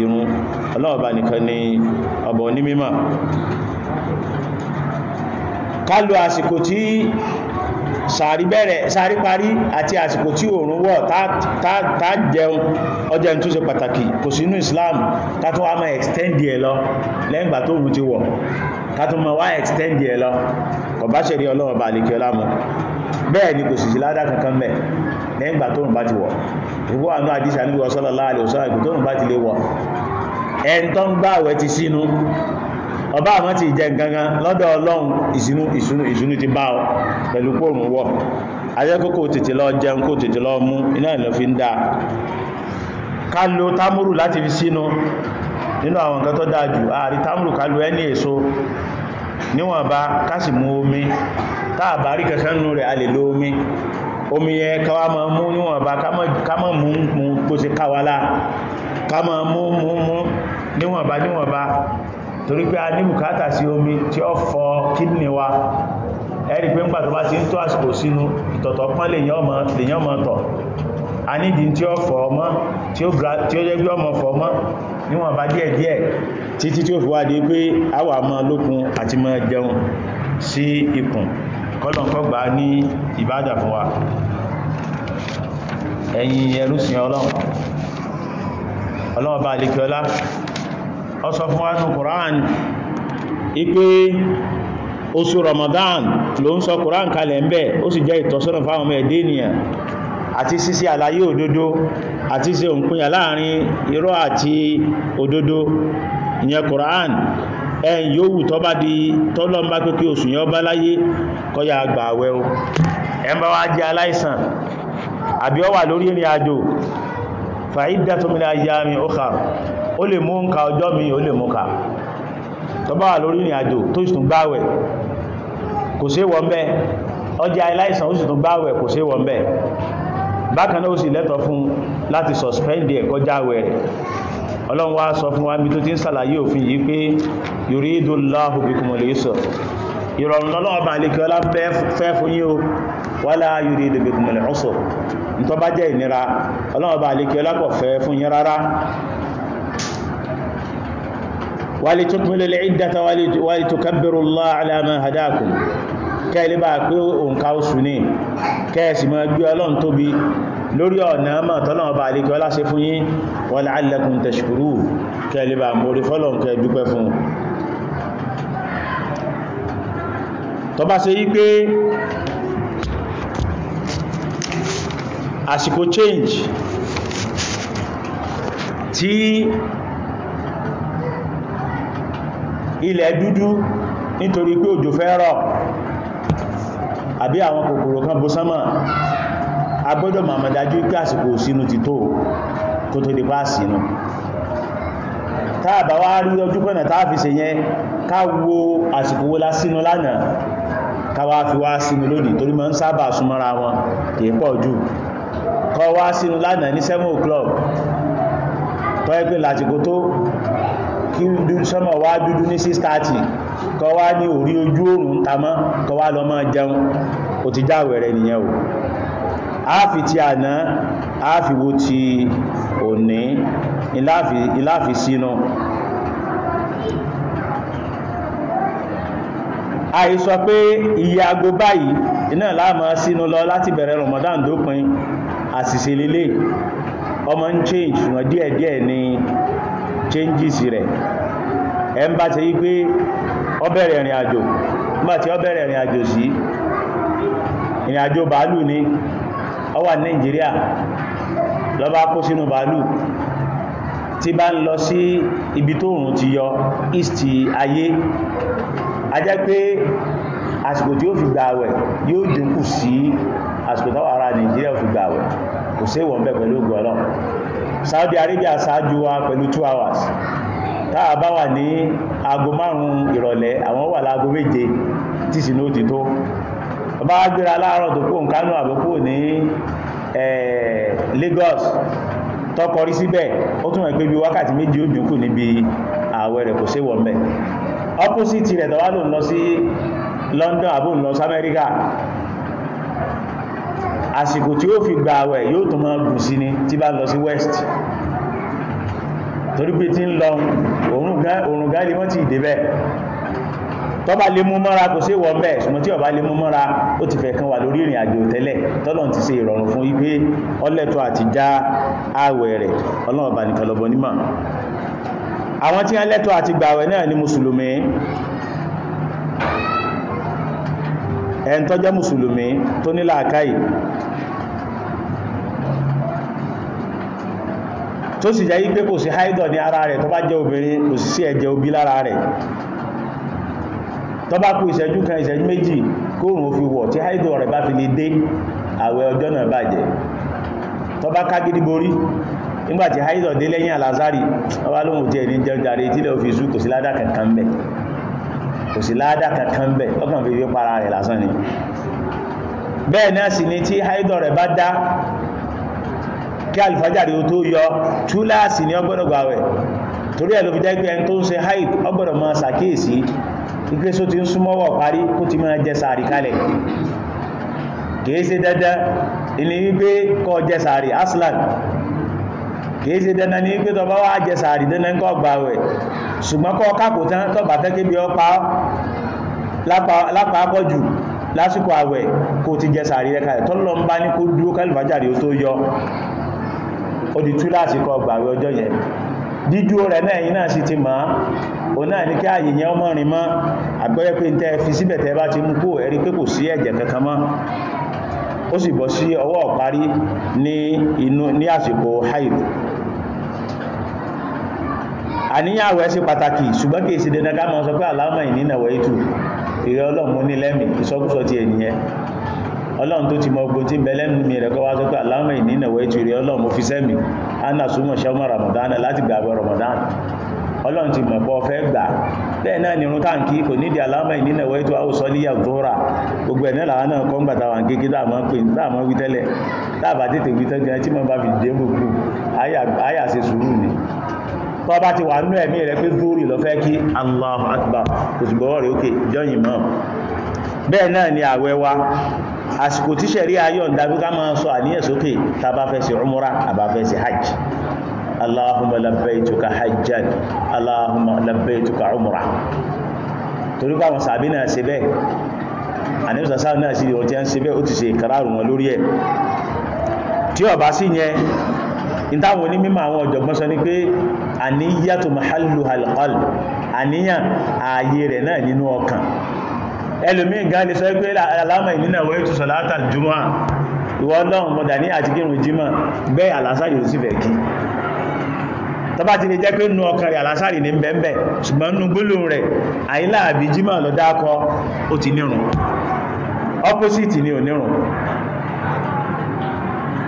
irun ọlọ́ọ̀bá nìkan ni ọba onímímọ̀ ká lo àsìkò tí sàárì bẹ̀rẹ̀ sàárì parí àti àsìkò tí òòrùn wọ̀ tá jẹun ọjọ́ tó ṣe pàtàkì kò sínú Islam tátún wá máa extend ẹ̀ lọ lẹ́yìn ìgbà tó òòrùn ti wọ̀ tátún máa wá extend ẹ̀ lọ kò bá ṣẹ̀rí ọlọ́run bá lè kí ọlá mu bẹ́ẹ̀ ni kò sì sí ládá kankan mẹ́ lẹ́yìn ìgbà tóun bá ti wọ̀ ìwọ́ àánú àdísà níbi sallallahu alaihi wasallam ìgbà tóun bá ti lè wọ̀ ẹn tó ń bá àwẹ̀ ti sínú ọba àmọ́ ti jẹ gangan lọ́dọ̀ ọlọ́run ìsinú ìsinú ìsinú ti bá ọ pẹ̀lú pòrùn wọ̀ ajẹ́kókò tètè lọ jẹun kó láti fi sínú nínú àwọn nǹkan tó dáa ààrí támúrù ká ẹni èso níwọ̀n bá kásì mú omi táà bá rí kankan nù rẹ̀ a lè lo omi omi yẹ káwà máa mú níwọ̀n bá kámọ̀ mú mú kó se káwàlá kámọ̀ mú mú mú níwọ̀n bá níwọ̀n bá torí pé a ní bùkátà sí omi tí ó fọ kídìnì wa ẹ̀rí pé ńgbà tó bá ti ń tó àsìkò sínú ìtọ̀tọ̀ pán lèyàn ọmọ tọ̀ a nídìí tí ó fọ ọmọ tí ó jẹ́ gbé ọmọ fọ ọmọ níwọ̀n bá díẹ̀díẹ̀ títí tí ó fi wá di pé àwà máa lókun àti máa jẹun sí ikùn kọ́lọ̀kọ́gbà ní ìbádà fún wa ẹ̀yin ẹrúsìn ọlọ́run ọlọ́run bá lè kí ọ sọ fún wa ní Qur'an ipé oṣù Ramadan ló ń sọ Qur'an kalẹ̀ ń bẹ̀ ó sì jẹ́ ìtọ́sọ́nà fáwọn ọmọ ẹ̀dẹ́ ènìyàn àti ṣíṣe àlàyé òdodo àti ṣe òǹpínyà láàrin irọ́ àti òdodo ìyẹn Quran ẹn yóò tó bá di tọ́lọ́m bá pé kí oṣù yẹn bá láyé kọjá àgbà àwẹ̀ o ẹ bá wá jẹ́ aláìsàn àbí ó wà lórí ìrìn àjò fàídà tó mìíràn ayá mi ó kà ó lè mú nǹka ọjọ́ mi ó lè mú kà tó bá wà lórí ìrìn àjò tó sì tún gbáwẹ̀ kò sí wọ́n bẹ́ẹ̀ ọjà aláìsàn ó sì tún gbáwẹ̀ kò sí wọ́n bẹ́ẹ̀ bákan náà ó sì lẹ́tọ̀ fún láti suspend ẹ̀kọ́ jáwẹ̀ rẹ̀ ọlọ́run wá sọ fún wa bí tó ti ń sàlàyé òfin yìí pé yuridullahu bikumul yusra ìrọ̀rùn lọ́nà ọba àlekẹ́ ọlá fẹ́ fún yín o wala yuridu bikumul usra tó bá jẹ́ ìnira ọlọ́run ọba àlekẹ́ ọlá kò fẹ́ fún yín rárá wali tukmilul iddata wali tukabbirullaha ala ma hadakum kẹ́ bá pé òǹkà oṣù ní kẹ́ lórí ọ̀nà mọ̀ tọ́lọ̀wọ́ bá àríkẹ́ ọlá ṣe fún yín wọ́n la'allakum tashkurun kẹlẹ̀bà mórí fọ́lọ̀ kẹ dúpẹ́ fún tó bá ṣe yí pé àsìkò change tí ilẹ̀ dúdú nítorí pé òjò fẹ́ rọ̀ àbí àwọn kòkòrò kan bó sánmà agbọ́dọ̀ màmàdájú pé àsìkò sínú ti tó kó tó di páàsì nù táàbà wá rí ojú pẹ̀nà táà fi ṣe yẹn ká wo àsìkò wó lásínú lánàá ká wá fi wá sínú lónìí torí mọ́ ń sábà súnmọ́ra wọn kìí pọ̀ jù kọ́ wá sínú lánàá ní 7 o'clock tọ́ ẹgbẹ́ lásìkò tó kí sọ́mọ̀ wá dúdú ní 6:30 kọ́ wá ní orí ojú oòrùn tamọ́ kọ́ wá lọ mọ́ jẹun ó ti jáwẹ̀ nìyẹn o àáfi ti àná àáfiwó ti òní ìláàfi sínú àìsọ pé iye ago báyìí iná láàmọ́ sínú lọ láti bẹ̀rẹ̀ Ramadan dópin àṣìṣe lílé ọmọ ń change ṣùgbọ́n díẹ̀díẹ̀ ni changes rẹ̀ ẹ ń bá ṣe yí pé ó bẹ̀rẹ̀ ìrìn àjò nígbàtí ó bẹ̀rẹ̀ ìrìn àjò sí ìrìn àjò bàálù ni ọwà Nigeria, lọ́bá kó sínú bàálù tí bá ń lọ sí ibi tó rùn ti yọ east ayé a jẹ́ pé àsìkò tí ó fi gbà àwẹ̀ yóò dínkù sí àsìkò táwọn ará Nàìjíríà fi gbà àwẹ̀ kò sí ìwọ̀n bẹ̀ pẹ̀lú ògùn Saudi Arabia ṣáájú wa pẹ̀lú 2 hours táà bá wà ní aago márùn-ún ìrọ̀lẹ́ àwọn wà láago méje tí sì ti tó bá gbéra láàárọ̀ tó kó nkánú àbúkò ní Lagos tọ́kọrí síbẹ̀ ó túnmọ̀ pé bí wákàtí méjì ó dínkù níbi ààwẹ̀ rẹ̀ kò sí wọ̀n bẹ̀ opposite rẹ̀ tọ́wá ló ń lọ sí London àbò ń lọ sí Amẹ́ríkà àsìkò tí ó fi gba ààwẹ̀ yóò tún máa gùn sí ni tí bá lọ sí West torí pé tí ń lọ òrùn gáàlì wọ́n ti débẹ̀ tọ́ba lè mú mọ́ra kò sí wọ́n bẹ́ẹ̀ ṣùgbọ́n tí ọba lè mú mọ́ra ó ti fẹ́ kan wà lórí ìrìn àjò tẹ́lẹ̀ tọ́lọ̀ ti ṣe ìrọ̀rùn fún wípé ọlẹ́tọ̀ àti já àwẹ̀ rẹ̀ ọlọ́run bá nìkan lọ́bọ nímọ̀ àwọn tí wọ́n lẹ́tọ̀ àti gbàwẹ̀ náà ni mùsùlùmí ẹn tó jẹ́ mùsùlùmí tó ní làákàyè tó sì jẹ́ yí pé kò sí haidọ̀ ní ara rẹ̀ tó bá jẹ́ obìnrin kò sí sí ẹ̀jẹ̀ obi lára rẹ̀ tó bá kú ìṣẹ́jú kan ìṣẹ́jú méjì kóòrùn fi wọ̀ tí haidọ̀ rẹ̀ bá fi lè dé àwẹ̀ ọjọ́ náà bàjẹ́ tó bá kágídí borí nígbàtí haidọ̀ dé lẹ́yìn alazari ọwá lóhun tí ẹni jẹjàre tí lè fi zú kò sí ládá kankan bẹ̀ kò sí ládá kankan bẹ̀ ọkàn fi fi para rẹ̀ lásán ni bẹ́ẹ̀ náà sì ni tí haidọ̀ rẹ̀ bá dá kí alifajari ó tó yọ túláàsì ni ọgbọ́dọ̀ gbàwẹ̀ torí ẹ̀ ló fi jẹ́ pé ẹni tó ń ṣe haid ọgbọ́dọ̀ máa ṣàkíyèsí ìgbésó ti ń súnmọ́wọ̀ parí kó ti máa jẹ sàárì kalẹ̀ kìí ṣe dandan ilé wípé kó jẹ sàárì aslan kìí ṣe dandan ní wípé tó bá wá jẹ sàárì dandan kó gbà wẹ̀ ṣùgbọ́n kó kàkó tán tó bá tẹ́kẹ́ bí ọpa lápapọ̀jù lásìkò àwẹ̀ kó ti jẹ sàárì rẹ kalẹ̀ tọ́lọ́ ń bá ní kó dúró kálífàjárì ó tó yọ ó di tú láti gbà wẹ̀ ọjọ́ yẹn dídúró rẹ̀ náà yìí náà sì ti máa o náà ní kí ààyè yẹn ọmọ rìn mọ́ àgbọ́yẹ́ pé tẹ́ fi síbẹ̀ tẹ́ bá ti mú kó ẹ̀rí pé kò sí ẹ̀jẹ̀ kankan mọ́ ó sì bọ́ sí ọwọ́ parí ní àsìkò haid àníyàn àwẹ̀ sí pàtàkì ṣùgbọ́n kì í ṣe dandan ká sọ pé àlámà ìní ètò ìrẹ́ ọlọ́run ní lẹ́mì ti ọlọ́run tó ti mọ ogun tí ń bẹ lẹ́nu mi rẹ̀ kọ́ wá sọ pé ètò ramadan láti gbàgbọ́ ramadan ọlọ́run ti mọ̀pọ̀ fẹ́ gbà bẹ́ẹ̀ náà ni irun táǹkì kò nídìí aláàmà ìnínà ìwé tó àwòsọ níyà zora gbogbo ẹ̀ náà làwọn náà kọ́ ń gbàtà wọn kéèké dáàmọ́ pé dáàmọ́ wí tẹ́lẹ̀ dáàbà tètè wí tẹ́lẹ̀ tí mo bá fi dé gbogbo àyà ṣe sùúrù ni tó bá ti wà nú ẹ̀mí rẹ̀ pé zúrì lọ fẹ́ kí Allahu Akbar òṣùgbọ́n rẹ̀ òkè jọyìn mọ́ bẹ́ẹ̀ náà ni àwẹ̀ wa àsìkò tíṣẹ̀rí ayọ̀ ń dábí ká máa sọ àníyàn sókè tá a bá fẹ́ ṣe umura àbá fẹ́ hajj Allahumma labbaytuka hajjan Allahumma labbaytuka umrah torí pé àwọn sàbí náà ṣe bẹ́ẹ̀ àníbùsà sáà náà sí ìwọ̀n tí a ń ṣe bẹ́ẹ̀ ó ti ṣe ìkàràrùn wọn lórí ẹ̀ tí ó bá sí yẹn ìtàwọn onímọ̀ àwọn ọ̀jọ̀gbọ́n sọ ní pé àníyàtò mahallu alqal àníyàn ààyè rẹ̀ náà nínú ọkàn ẹlòmíì gan ni sọ pé aláàmà ìnínà wọ́n ètò sọ̀látà jùmọ́ ìwọ́n lọ́run mọ̀dà ní àti jímọ̀ bẹ́ẹ̀ àlásà yóò sì fẹ́ kí tọ́bá ti lè jẹ́ pé nù ọkàn rẹ̀ ní bẹ̀m̀bẹ̀ ṣùgbọ́n nù gbólóhùn rẹ̀ àìlà jímọ̀ lọ dákọ ó ti nírun opposite ni ò nírun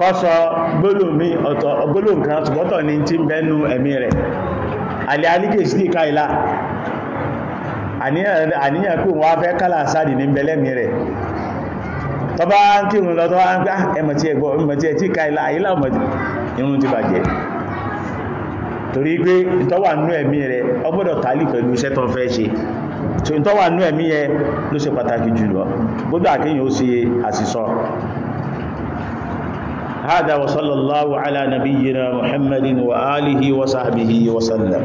kọ́ sọ gbólóhùn kan ṣùgbọ́tọ̀ ni ti ń bẹ́nu ẹ̀mí rẹ̀ àlẹ́ alíkèsí àníyàn wọ́n fẹ́ kálà ní rẹ̀ ń kírun torí pé ìtọ́wà nú ẹ̀mí rẹ ọgbọ́dọ̀ tàálì pẹ̀lú iṣẹ́ tó fẹ́ ṣe tó ìtọ́wà nú ẹ̀mí yẹ ló ṣe pàtàkì jùlọ gbọ́dọ̀ àkíyàn ó ṣe àṣìṣọ́ هذا وصلى الله على نبينا محمد وآله وصحبه وسلم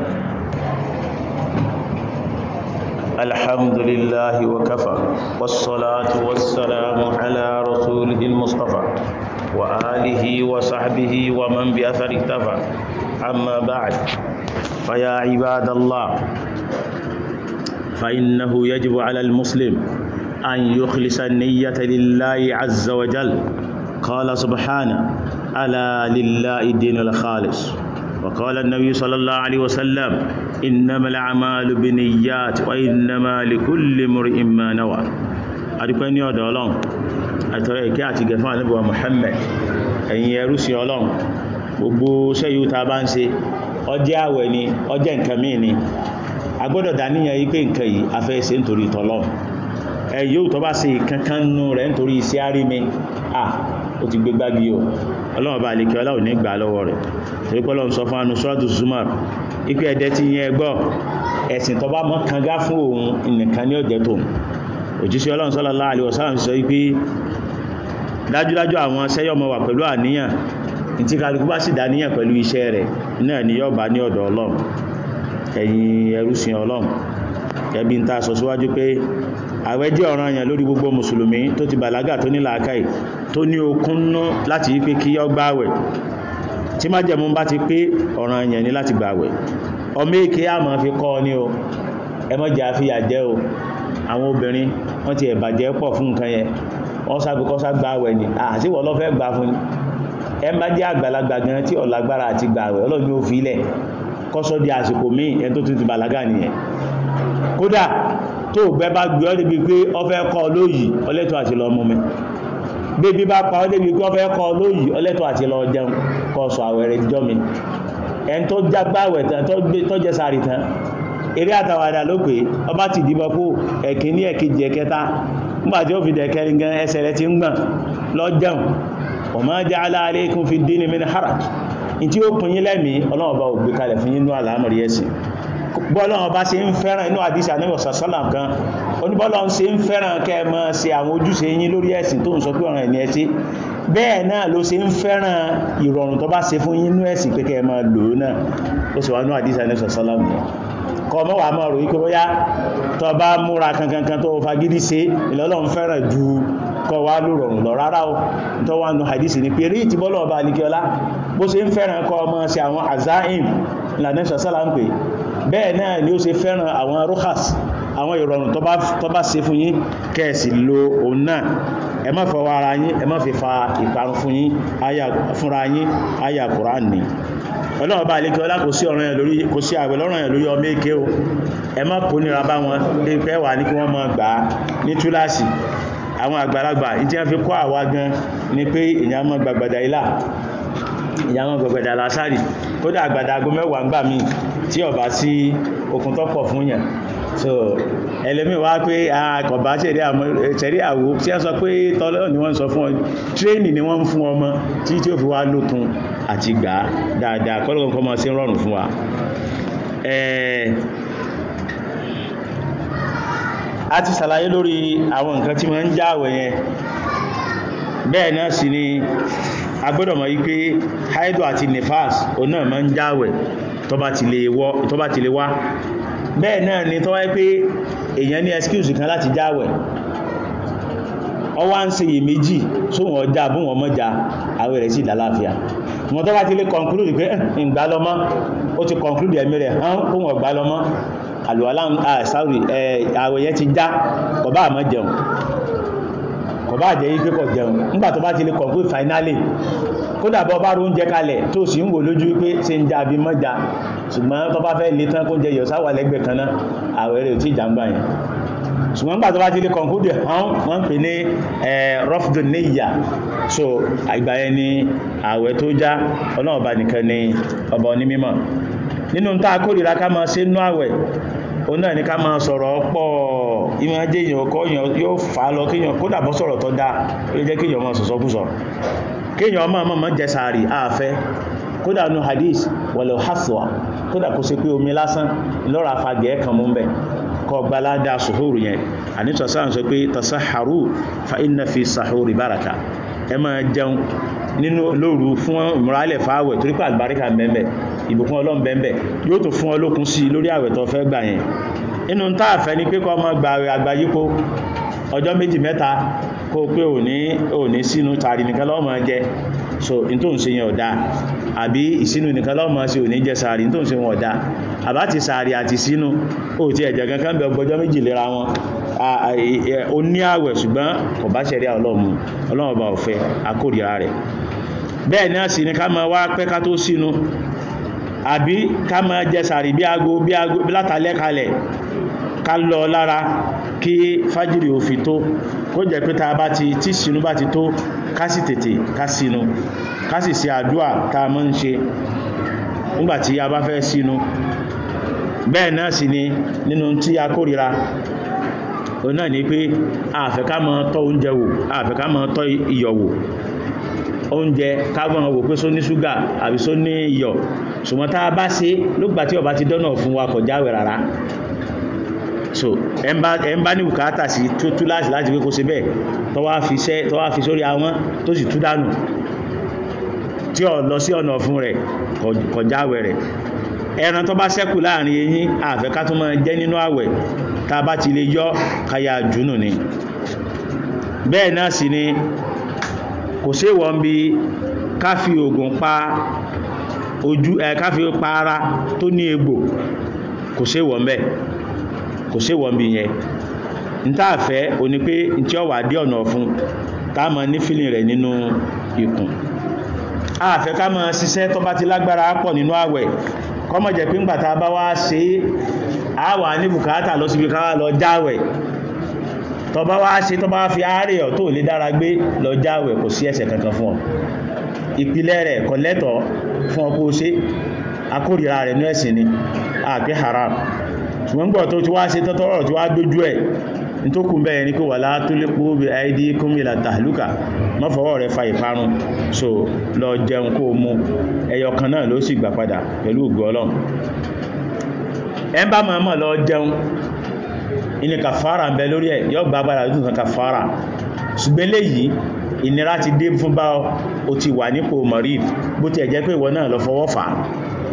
الحمد لله وكفى والصلاة والسلام على رسوله المصطفى وآله وصحبه ومن بأثر اكتفى أما بعد فيا عباد الله فإنه يجب على المسلم أن يخلص النية لله عز وجل قال سبحانه ألا لله الدين الخالص وقال النبي صلى الله عليه وسلم إنما الأعمال بنيات وإنما لكل امرئ ما نوى adúpẹ́ ní ọ̀dọ̀ ọlọ́run àtọrẹ ìkẹ́ àti gẹ̀fún ànábì gbogbo sẹ́yú ta bá ń ṣe ọjẹ́ àwẹ̀ ni ọjẹ́ nǹkan míì ni a gbọ́dọ̀ dàníyàn yí pé nǹkan yìí a fẹ́ ṣe nítorí tọ́lọ́ ẹ yóò tọ́ bá ṣe kankan nú rẹ̀ nítorí iṣẹ́ àrí mi à ó ti gbé gbági o ọlọ́run bá àlekẹ́ ọlá ò ní gbà lọ́wọ́ rẹ̀ torí pé ọlọ́run sọ fún anu sọ́ọ̀tù zumar ipe ẹ̀dẹ́ ti yẹn gbọ́ ẹ̀sìn tọ́ bá mọ́ kanga fún òun nìkan ní ọ̀jẹ́ tó òjíṣẹ́ ọlọ́run sallallahu alaihi wasallam sọ wípé dájúdájú àwọn sẹ́yọ́mọ wà pẹ̀lú àníyàn tí kálukú bá sì dáníyàn pẹ̀lú iṣẹ́ rẹ̀ náà ni yọ́ bá ní ọ̀dọ̀ ọlọ́run ẹ̀yin ẹrúsìn ọlọ́run ẹbí ń ta sọ síwájú pé àwẹ̀ jẹ́ ọ̀ranyàn lórí gbogbo mùsùlùmí tó ti bàlágà tó ní làákàì tó ní okun ná láti wípé kí ó gbààwẹ̀ tí májẹ̀mú bá ti pé ọ̀ranyàn ni láti gbààwẹ̀ ọmọ èké àmọ́ fi kọ́ ọ ní o ẹmọ́jẹ́ àfíyà jẹ́ o àwọn obìnrin wọ́n ti ẹ̀bàjẹ́ pọ̀ fún nǹkan yẹn wọ́n sábẹ́kọ́ sá gbààwẹ̀ ni àti wọ́n lọ́fẹ́ gbà fún ni ẹ bá jẹ́ àgbàlagbà gan tí ọ̀lágbára àti gbààwẹ̀ ọlọ́ni ó fi ilẹ̀ kọ́sọ́ di àsìkò míì ẹ tó tún ti bàlágà nìyẹn kódà tó gbẹ bá gbé ọ́ débi pé ọfẹ́ kọ́ lóyìí ọlẹ́tọ̀ àti lọ mú mi bébí bá pa ọ́ débi pé ọfẹ́ kọ́ lóyìí ọlẹ́tọ̀ àti lọ jẹun kọ́ sọ àwẹ̀rẹ̀ ìjọ mi ẹn tó jágbàwẹ̀ tán tó jẹ sààrì tán eré àtàwàdà ló pé ọba ti dìbọ̀ kó ẹ̀kíní ẹ̀kejì ẹ̀kẹta nígbà tí ó fi dẹ̀kẹrin gan ẹsẹ̀ rẹ ti ń gbọ̀n lọ jẹun wa ma ja'ala alaykum fi ddini min haraj tí ó pín yín lẹ́mí ọlọ́ọ̀bá ò gbé kalẹ̀ fún yínú àlámọ̀rí ẹ̀sìn bọ́lọ́wọ́ bá ṣe ń fẹ́ràn inú àdísà náà sàṣọ́là kan oníbọ́lọ́ ṣe ń fẹ́ràn kẹ́ẹ̀mọ́ ṣe àwọn ojúṣe yín lórí ẹ̀sìn tó ń sọ pé ọ̀ràn ẹ̀ní ẹ̀ṣẹ́ bẹ́ẹ̀ náà ló ṣe ń fẹ́ràn ìrọ̀rùn tó bá ṣe fún yín nú ẹ̀sìn pé kẹ́ẹ̀mọ́ lò náà ó sì wá nú àdísà náà sàṣọ́là kọ mọ́ wàá mọ́ rò yí bóyá tó bá múra kankan tó fagídí ṣe ìlọ́lọ́ ń fẹ́ràn ju kọ́ wá ló rọrùn lọ rárá o tó wá nù hadisi ni pé rí ti bọ́lọ̀ ọba alikiola bó ṣe ń fẹ́ràn kọ́ ọmọ sí àwọn azaim lànà ìṣàsálà ń pè bẹ́ẹ̀ náà ni ó ṣe fẹ́ràn àwọn rukhas àwọn ìrọ̀rùn tó bá ṣe fún yín kẹ́ẹ̀sì lo òun náà ẹ má fọwọ́ ara yín ẹ má fi fa ìparun fún yín fúnra yín àyà Qur'an ni ọlọ́run bá lékẹ́ ọlá kò sí ọ̀rọ̀ yẹn lórí kò sí àwẹ̀ lọ́rọ̀ yẹn lórí ọmọ èké o ẹ má kó nira bá wọn lè pẹ́ wà ní kí wọ́n má gbà á ní túláàsì àwọn àgbàlagbà tí a fi kọ́ àwa gan ni pé èyàn mọ́ gbàgbàdà ilá èyàn mọ́ gbàgbàdà lásàrì kódà àgbàdà aago mẹ́wàá ń gbà mí tí ọ̀bá sí okun tó fún yàn so ẹlẹ́mìí wá pé àkọ̀bá tẹ̀rí àwò tí a sọ pé tọ́lọ́ ni wọ́n sọ fún ọ tírénì ni wọ́n ń fún ọmọ tí tí ó fi wá lókun àti gbà dáadáa kọ́lọ́kọ́ mọ́ sí rọrùn fún wa a ti sàlàyé lórí àwọn nǹkan tí wọ́n ń já àwẹ̀ yẹn bẹ́ẹ̀ náà sì ni a gbọ́dọ̀ mọ̀ wípé haidu àti nifas òun náà máa ń já àwẹ̀ tó bá ti lè wá bẹ́ẹ̀ náà ni tó wáyé pé èèyàn ní excuse kan láti já àwẹ̀ ọwá ń ṣe yè méjì sóhun ọjà bún wọn mọ́jà àwẹ̀ rẹ̀ sí ìdálàáfíà wọn tó bá ti lè conclude pé ìgbàlọ́mọ́ ó ti conclude ẹ̀mí rẹ̀ hàn kóhun ọ̀gbàlọ́mọ́ ah, sorry àwẹ̀yẹ ti já kọ̀bá àmọ́ jẹun kọ̀bá àjẹ́ yí pé kọ̀ jẹun nígbà tó bá ti lè kọ̀ǹpé finally kódà bọ́ bá róúnjẹ kalẹ̀ tó sì ń wò lójú pé ṣe ń já bí mọ́já ṣùgbọ́n tó bá fẹ́ lè tán kó ń jẹ yọ̀ sáwà lẹ́gbẹ̀ẹ́ kan náà àwẹ̀ rẹ̀ tí ìjàmbá yẹn ṣùgbọ́n nígbà tó bá ti lè kọ̀ǹkúdì hàn wọ́n pè ní rọ́fdù níyà so àgbà yẹn ni àwẹ̀ tó já ọlọ́ọ̀bá nìkan ni ọba onímímọ̀ nínú tá a òun náà ni ká máa sọ̀rọ̀ pọ̀ ìmọ̀ ajé èèyàn ọkọ̀ yóò fà á lọ kéèyàn kó dàbọ̀ sọ̀rọ̀ tó dáa ló jẹ́ kéèyàn máa sọ̀sọ́ kú sọ kéèyàn máa máa máa jẹ sàárì àfẹ́ kódà nu hadith wọ̀lẹ̀ haswa kódà kó ṣe pé omi lásán lọ́ra fagẹ̀ẹ́ kan mú bẹ̀ kọ́ gbalada sùhúrù yẹn ànítọ́sáà sọ pé tasaharu fa inna fi sahuri baraka ẹ máa jẹun nínú lóru fún ìmúralẹ̀ fáwẹ̀ torí pé àlùbáríkà bẹ́ẹ̀ ìbùkún ọlọ́run bẹ́ẹ̀ yóò tó fún ọ lókun sí lórí àwẹ̀ tó fẹ́ gbà yẹn inú tá àfẹ́ ni pé kó ọmọ gba àwẹ̀ àgbáyípo ọjọ́ méjì mẹ́ta kó pé òní sínú tàrí nìkan lọ́mọ jẹ so in tó ń ṣe yẹn ọ̀dá àbí ìsínú nìkan lọ́mọ sí ò ní jẹ sàárì in tó ń ṣe wọn ọ̀dá àbá ti sàárì àti sínú ó ti ẹ̀jẹ̀ kankan bẹ ọgbọ́jọ́ méjì wọn e, e, ó ní àwẹ̀ ṣùgbọ́n kò bá ṣẹ̀rí ọlọ́mù ọlọ́mù ọ̀fẹ́ akórìíra rẹ̀ bẹ́ẹ̀ náà sì ni ká máa wá pẹ́ ká tó sínú àbí ká máa jẹ sàárì bí aago bí aago látàlẹ́ kalẹ̀ ká lọ lára kí fájìrì ó fi tó kó jẹ́ pé tá bá ti tí sínú bá ti tó kásì tètè kásìnú kásì sí àdúà tá a mọ́ ń ṣe nígbàtí a bá fẹ́ sínú bẹ́ẹ̀ náà sì ni nínú tí a kórìíra o náà ni pé àfẹ́ká mọ́ tọ́ oúnjẹ wò àfẹ́ká mọ́ tọ́ iyọ̀ wò oúnjẹ kágbọ́n wò pé só ní ṣúgà àbí só ní iyọ̀ ṣùgbọ́n tá a bá ṣe lógbàtí ó bá ti dọ́nà fún wa kọjáwẹ̀ rárá so ẹmbá ní bùkátà sí tó tú láti láti pé kó ṣe bẹ́ẹ̀ tọ́wá fi sórí àwọn tó sì tú dànù tí ọ lọ sí ọ̀nà ọ̀fun rẹ̀ kọjáwẹ̀ rẹ̀ ẹran tó bá ṣẹ́kù láàrin eyín àfẹ́ká tó máa jẹ́ nínú àwẹ̀ tá bá ti lè yọ káyà jùnù ni bẹ́ẹ̀ náà sì ni kò sí ìwọ̀n bí ká fi oògùn pa ojú ẹ̀ ká fi pa ara tó ní egbò kò sí ìwọ̀n bẹ́ẹ̀ kò sí ìwọ̀n bí yẹn n tá àfẹ́ o ní pé n tí ó dé ọ̀nà ọ̀fun tá a máa ní feeling rẹ̀ nínú ikùn àfẹ́ ká máa ṣiṣẹ́ tó bá ti lágbára pọ̀ nínú àwẹ̀ kọ́mọ̀ jẹ́ pé ń gbàtà bá wá ṣe é a wà ní bùkátà lọ síbi ká lọ jáwẹ̀ tó bá wá ṣe tó bá fi àárẹ̀ ọ̀ tó lè dára gbé lọ jáwẹ̀ kò sí ẹ̀ṣẹ̀ kankan fún ọ ìpìlẹ̀ rẹ̀ kò lẹ́tọ̀ọ́ fún ọ kó ṣe akórìíra rẹ̀ ní ẹ̀sìn ni àgbé haram ṣùgbọ́n gbọ́ tó ti wá ṣe tọ́tọ́rọ̀ tí wá dójú ẹ̀ ní tó kùn bẹ́ẹ̀ ni pé wà látó lè pó bí àìdí kúmìlà tàhálùkà mọ́fọwọ́ rẹ̀ fa ìparun so lọ jẹun kó mú ẹyọ kan náà ló sì gbà padà pẹ̀lú ògbó ọlọ́run ẹ ń bá mọ̀ọ́mọ̀ lọ jẹun ilé kàfàrà ń bẹ lórí ẹ̀ yọ gbà padà lójú kan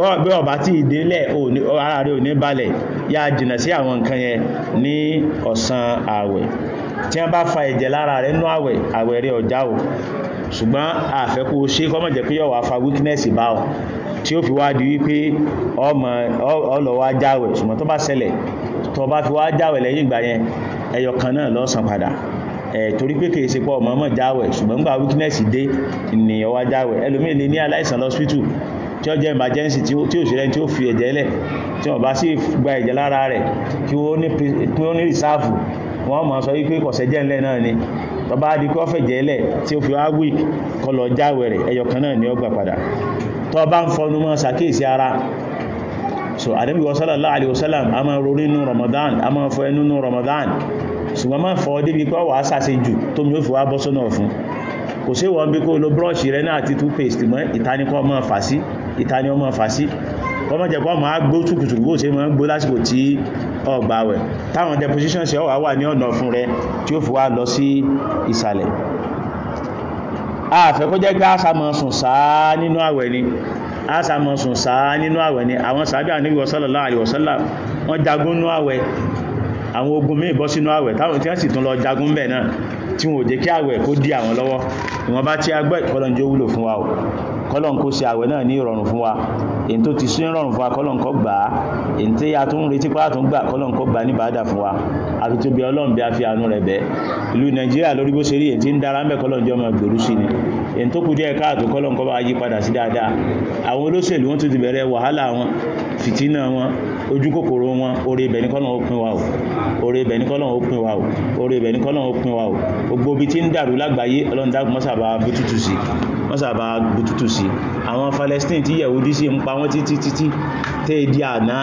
wọ́n gbé ọ̀bá tí ìdélẹ̀ ara rẹ̀ ò ní balẹ̀ yá jìnà sí àwọn nǹkan yẹn ní ọ̀sán ààwẹ̀ tí wọ́n bá fa ẹ̀jẹ̀ lára rẹ̀ nú ààwẹ̀ ààwẹ̀ rẹ̀ ọ̀já o ṣùgbọ́n àfẹ́kù ṣe kọ́mọ̀ jẹ́ pé yọ̀wà fa weakness bá ọ tí ó fi wá di wípé ọlọ̀ wá jáwẹ̀ ṣùgbọ́n tó bá ṣẹlẹ̀ tó bá fi wá jáwẹ̀ lẹ́yìn ìgbà yẹn ẹyọ kan náà lọ́sàn padà ẹ̀ torí pé kèèṣe pọ̀ mọ́mọ́ jáwẹ̀ ṣùgbọ́n gbà weakness dé ènìyàn wá jáwẹ̀ ẹlòmíì lè ní aláìsàn lọ́sítù tí ó jẹ́ emergency tí ó ṣẹlẹ̀ tí ó fi ẹ̀jẹ̀ lẹ̀ tí wọ́n bá sì gba ẹ̀jẹ̀ lára rẹ̀ kí ó ní reserve wọ́n mọ̀ sọ wípé kọ̀sẹ̀jẹ̀ ńlẹ̀ náà ni tó bá di kó fẹ̀jẹ̀ lẹ̀ tí ó fi wá week kó lọ jáwẹ̀ rẹ̀ ẹyọ kan náà ni ó gbà padà tó bá ń fọnu mọ́ ṣàkíyèsí ara so ànábì sallallahu alaihi wasallam a máa rorí nínú Ramadan a máa fọ ẹnu nínú Ramadan ṣùgbọ́n máa fọ débi pé wàá sàṣe jù tó mi ó fi wá bọ́ sọ́nà ọ̀fun kò sí wọn bí kó lo brush rẹ náà àti toothpaste mọ́ ìtanikọ́ máa fà sí ìta ni ọmọ fà sí ọmọ jẹ̀pọ̀ ọmọ agbó tùkùtùkù bó ṣe mọ́ gbó lásìkò tí ọgbà wẹ̀ táwọn deposition ṣe ọwà wà ní ọ̀nà fún rẹ tí ó fi wá lọ sí ìsàlẹ̀ àfẹ́ kó jẹ́ pé àṣàmọ̀sùn sáá nínú àwẹ̀ ni àṣàmọ̀sùn sáá nínú àwẹ̀ ni àwọn sàábí àníbi sallallahu alaihi wasallam wọ́n jagun nú àwẹ̀ àwọn ogun míì bọ́ sínú àwẹ̀ táwọn tí wọ́n sì tún lọ jagun bẹ̀ náà tí wọ́n ò jẹ́ kí àwẹ̀ kó dí àwọn lọ́wọ́ ìwọ̀n bá tí agbẹ́ ìkọlọ́njẹ́ wúlò fún wa o kọ́lọ̀n kó ṣe àwẹ̀ náà ní ìrọ̀rùn fún wa èyí tó ti sún ìrọ̀rùn fún wa kọ́lọ̀n kó gbà á èyí tí a tún retí pé àtún gbà kọ́lọ̀n kó gbà níbàádà fún wa àfi tó bí ọlọ́run bí a fi àánú rẹ̀ bẹ́ ìlú nàìjíríà lórí bó ṣe rí èyí tí ń dára mẹ́ kọ́lọ̀n jọmọ gbèrú sí ni èyí tó kù díẹ̀ káàtó kọ́lọ̀n kó bá yí padà sí dáadáa àwọn olóṣèlú wọn tún ti bẹ̀rẹ̀ wàhálà wọn fìtínà wọn ojú kòkòrò wọn oore ibẹ̀ ní kọ́lọ̀n ó pín wa o oore ibẹ̀ ní kọ́lọ̀n ó pín wa o oore ibẹ̀ ní kọ́lọ̀n ó pín wa o gbogbo ibi tí ń dàrú lágbàáyé ọlọ́run mọ́sàbà bututu sí mọ́sàbà bututu sí àwọn Palestine tí Yẹ̀húdí sí ń pa wọ́n títí títí tẹ́ di àná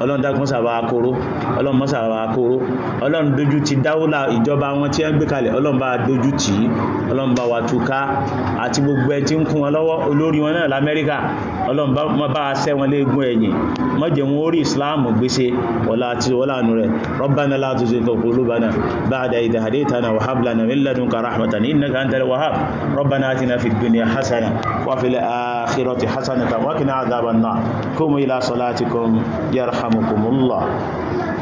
ọlọ́run dákun sàbà akóró ọlọ́run mọ́ sàbà akóró ọlọ́run dojú ti dáwọ́lá ìjọba wọn tí ẹ gbé kalẹ̀ ọlọ́run bá dojú tì í ọlọ́run bá wa túká àti gbogbo ẹ tí ń kún wọn lọ́wọ́ olórí wọn náà lamẹ́ríkà ọlọ́run bá bá sẹ́ wọn léegun ẹ̀yìn mọ́jẹ̀ wọn orí ìsìláàmù gbèsè wọlá àti wọláàánú rẹ̀ rọ́bánà láti ṣe tọ̀kù olúbánà bá àdá ìdá àdétánà wàhábìlánà mílẹ̀dúnkà rahmatan innaka antal wahhab rọ́bánà àti na fi hasana wà fi lẹ́ àkírọ̀tì hasana tàwákiná àdábànà kó mú ilá salatikum yarham يرحمكم الله